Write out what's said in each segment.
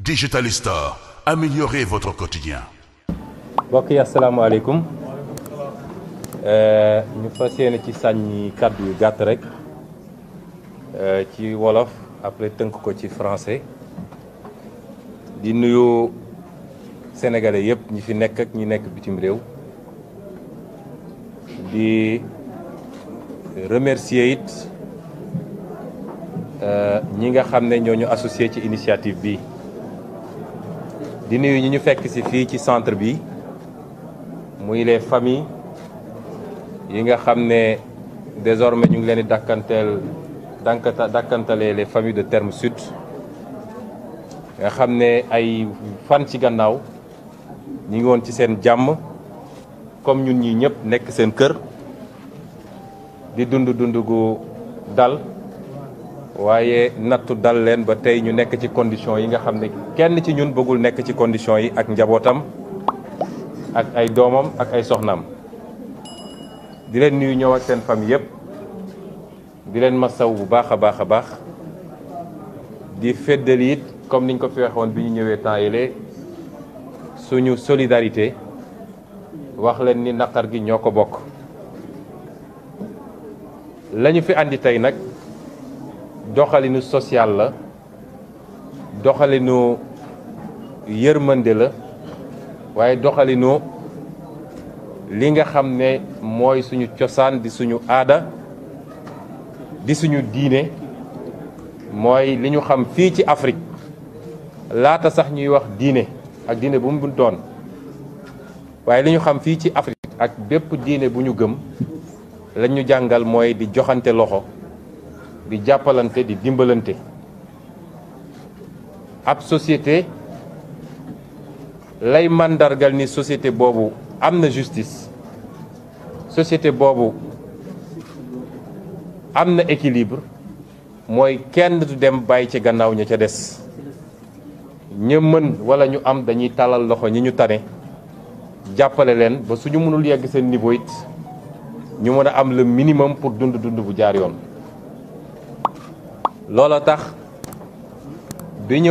Digital Store, améliorez votre quotidien. mbokk yi asalaamaaleykum euh, ñu fas yéene ci sànni kàddu yu gàtt rek euh, ci wolof après tënk ko ci français di nuyu sénégalais yëpp ñi fi nekk ak ñi nekk bitim réew di remercier it euh, ñi nga xam ne ñoo ñu associé ci initiative bi di nuyu ñi ñu fekk ci fii ci centre bi muy les familles yi nga xam ne désormais ñu ngi leen di dakkantel dànkata dàkkantalee les familles de Terme Sud nga xam ne ay fan ci gannaaw ñi ngi woon ci seen jàmm comme ñun ñi ñëpp nekk seen kër di dund dund gu dal waaye nattu dal leen ba tey ñu nekk ci condition yi nga xam ne kenn ci ñun bëggul nekk ci condition yi ak njabootam ak ay doomam ak ay soxnaam di leen nuyu ñëw ak seen fam yëpp di leen masaw bu baax a baax a baax di feddali it comme niñ ko fi bi ñu ñëwee temps yële suñu solidarité wax leen ni naqar gi ñoo ko bokk lañu fi andi tey nag doxalinu social la doxalinu yërmande la waaye doxalinu li nga xam ne mooy suñu cosaan di suñu aada di suñu diine mooy li ñu xam fii ci Afrique laata sax ñuy wax diine ak diine bu mu doon waaye li ñu xam fii ci Afrique ak bépp diine bu ñu gëm lañ ñu jàngal mooy di joxante loxo di jàppalante di dimbalante ab société lay màndargal ni société boobu am na justice société boobu am na équilibre mooy kenn du dem bàyyi ci gannaaw ña ca des ña mën wala ñu am dañuy talal loxo ñi ñu tane jàppale leen ba suñu mënul yegg seen niveau ñu mën a am le minimum pour dund dund bu jaar yoon loola tax bi ñu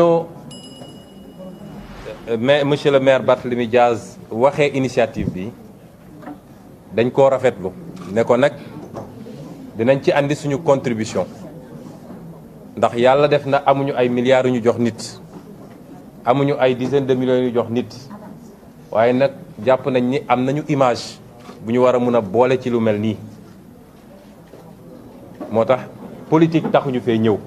mais monsieur le maire Barthélémy Diaz waxee initiative bi dañ koo rafetlu ne ko nag dinañ ci indi suñu contribution ndax yàlla def na amuñu ay milliards yu ñu jox nit amuñu ay dizaine de millions yu jox nit waaye nag jàpp nañ ni am nañu image bu ñu war a mun a boole ci lu mel nii moo tax politique taxuñu fee ñëw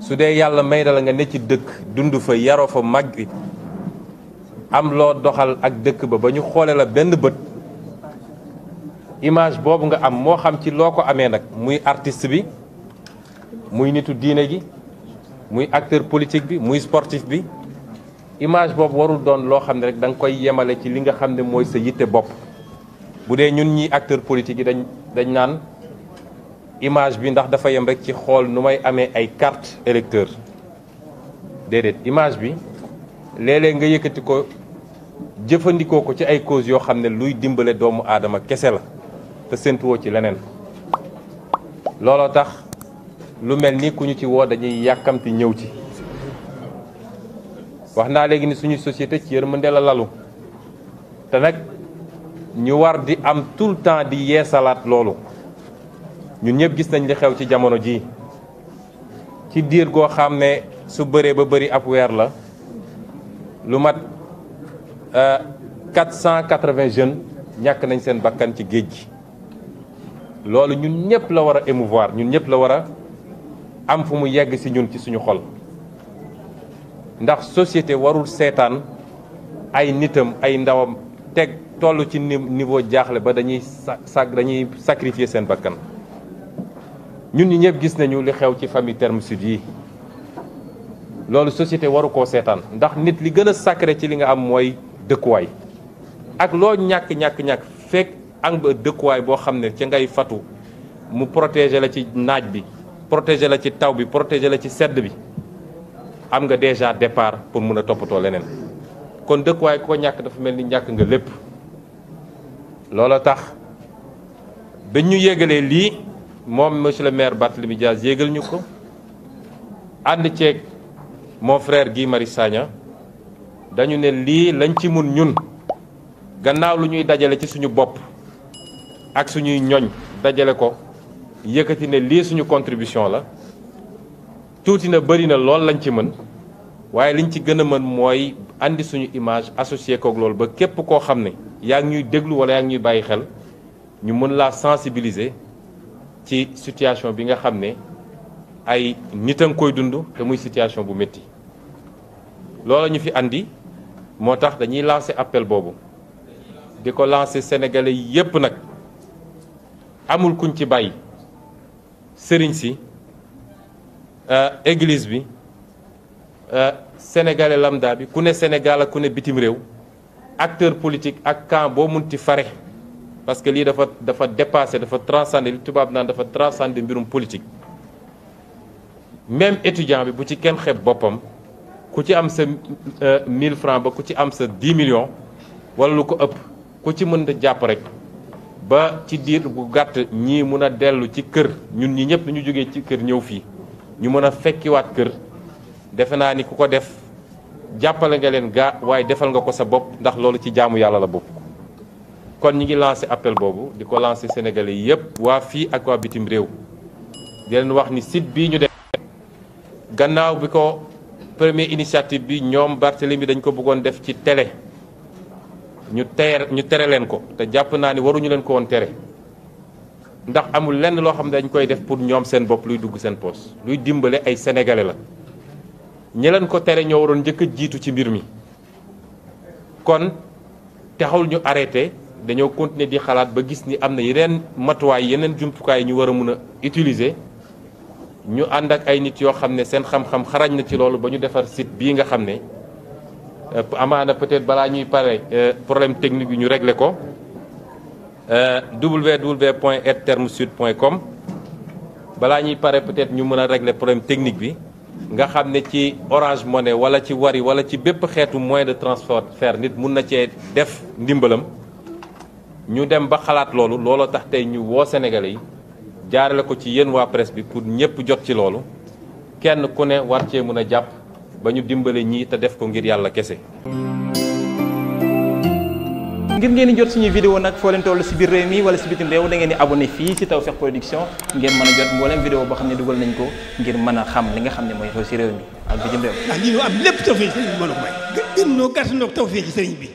su dee yàlla may na la nga ne ci dëkk dund fa yaroo fa màgg am loo doxal ak dëkk ba ba ñu xoole la benn bët image boobu nga am moo xam ci loo ko amee nag muy artist bi muy nitu diine gi muy acteur politique bi muy sportif bi image boobu warul doon loo xam ne rek da nga koy yemale ci li nga xam ne mooy sa yitte bopp bu dee ñun ñi acteur politique yi dañ dañ naan image bi ndax dafa yem rek ci xool nu may amee ay carte électeur déedéet image bi léeg-léeg nga yëkkati ko jëfandikoo ko ci ay cause yoo xam ne luy dimbale doomu aadama kese la te séntuwoo ci leneen looloo tax lu mel ni ku ñu ci woo dañuy yàkkamti ñëw ci wax naa léegi ne suñu société ci yërmande la lalu te nag ñu war di am tout le temps di yee salaat loolu ñun ñëpp gis nañ li xew ci jamono ji ci diir goo xam ne su bëree ba bëri ab weer la lu mat euh, quatre cent quatre vingt jeunes ñàkk nañ seen bakkan ci géej gi loolu ñun ñëpp la war a émouvoir ñun ñëpp la war a am fu mu yegg si ñun ci suñu xol ndax société warul seetaan ay nitam ay ndawam teg toll ci niveau jaaxle ba dañuy sa dañuy sacrifier seen bakkan ñun ñi ñëpp gis nañu li xew ci famille Terme yi loolu société waru koo seetaan ndax nit li gën a sacré ci li nga am mooy dëkkuwaay ak loo ñàkk ñàkk ñàkk fekk am ba dëkkuwaay boo xam ne ci ngay fatu mu protéger la ci naaj bi protéger la ci taw bi protéger la ci sedd bi am nga déjà depart pour mun a toppatoo leneen kon dëkkuwaay koo ñàkk dafa mel ni ñàkk nga lépp loola tax ba ñu yégalee lii moom monsieur le maire Barthélémy yéegal ñu ko ànd ceeg mon frère Guy Marius Sagna dañu ne lii lañ ci mun ñun gannaaw lu ñuy dajale ci suñu bopp ak suñuy ñoñ dajale ko yëkkati ne lii suñu contribution la tuuti na bëri na lool lañ ci mën waaye liñ ci gën a mën mooy indi suñu image associé koog loolu ba képp koo xam ne yaa ngi ñuy déglu wala yaa ngi ñuy bàyyi xel ñu mën laa sensibiliser ci situation bi nga xam ne ay nit a ngi koy dund te muy situation bu métti loola ñu fi andi moo tax dañuy lancer appel boobu di ko lancer sénégalais yépp nag amul kuñ ci bàyyi sëriñ si euh, église bi euh, sénégalais lambda bi ku ne Sénégal ak ku ne bitim réew acteur politique ak camp boo mun ti fare parce que lii dafa dafa dépassé dafa transcender li tubaab naan dafa transcender mbirum politique même étudiant bi bu ci kenn xeeb boppam ku ci am sa euh, mille francs ba ku ci am sa 10 millions wala lu ko ëpp ku ci mën jàpp rek ba ci diir gu gàtt ñii mun a dellu ci kër ñun ñi ñëpp ñu jógee ci kër ñëw fii ñu mën a fekkiwaat kër defe naa ni ku ko def jàppale nga leen gaa waaye defal nga ko sa bopp ndax loolu ci jaamu yàlla la bopp kon ñi ngi lancé appel boobu di ko lancé sénégalais yépp waa fii ak waa bitim réew di leen wax ni site bii ñu def gannaaw bi ko première initiative bi ñoom Barthélemy dañ ko bëggoon def ci télé ñu teer ñu tere leen ko te jàpp naa ni waruñu leen ko woon tere ndax amul lenn loo xam ne dañ koy def pour ñoom seen bopp luy dugg seen poos luy dimbale ay sénégalais la ñeleen ko tere ñoo waroon njëkk a jiitu ci mbir mi kon taxul ñu arrêté dañoo continuer di xalaat ba gis ni am na yeneen matuwaay yeneen jumtukaay ñu war a mun a utiliser ñu ànd ak ay nit yoo xam ne seen xam-xam xarañ na ci loolu ba ñu defar site bii nga xam ne euh, amaana peut-être balaa ñuy pare euh, problème technique bi ñu régler ko terme euh, www.edtermesud.com balaa ñuy pare peut-être ñu mën a régler problème technique bi nga xam ne ci Orange Money wala ci Wari wala ci bépp xeetu moyen de transfert nit mun na cee def ndimbalam ñu dem ba xalaat loolu looloo tax tey ñu woo Sénégalais yi jaarale ko ci yéen waa presse bi pour ñëpp jot ci loolu kenn ku ne war cee mën a jàpp ba ñu dimbale ñii te def ko ngir yàlla kese. ngir ngeen di jot suñuy vidéo nag foo leen toll biir réew mi wala si bitim réew da ngeen di abonné fii si Tawfekh Production ngeen mën a jot mboolem vidéo boo xam ne dugal nañ ko ngir mën a xam li nga xam ne mooy xew si réew mi ak bitim réew. ndax lii ñu am lépp Tawfekh sëriñ a may. gën noo gàtt noo Tawfekh sëriñ bi.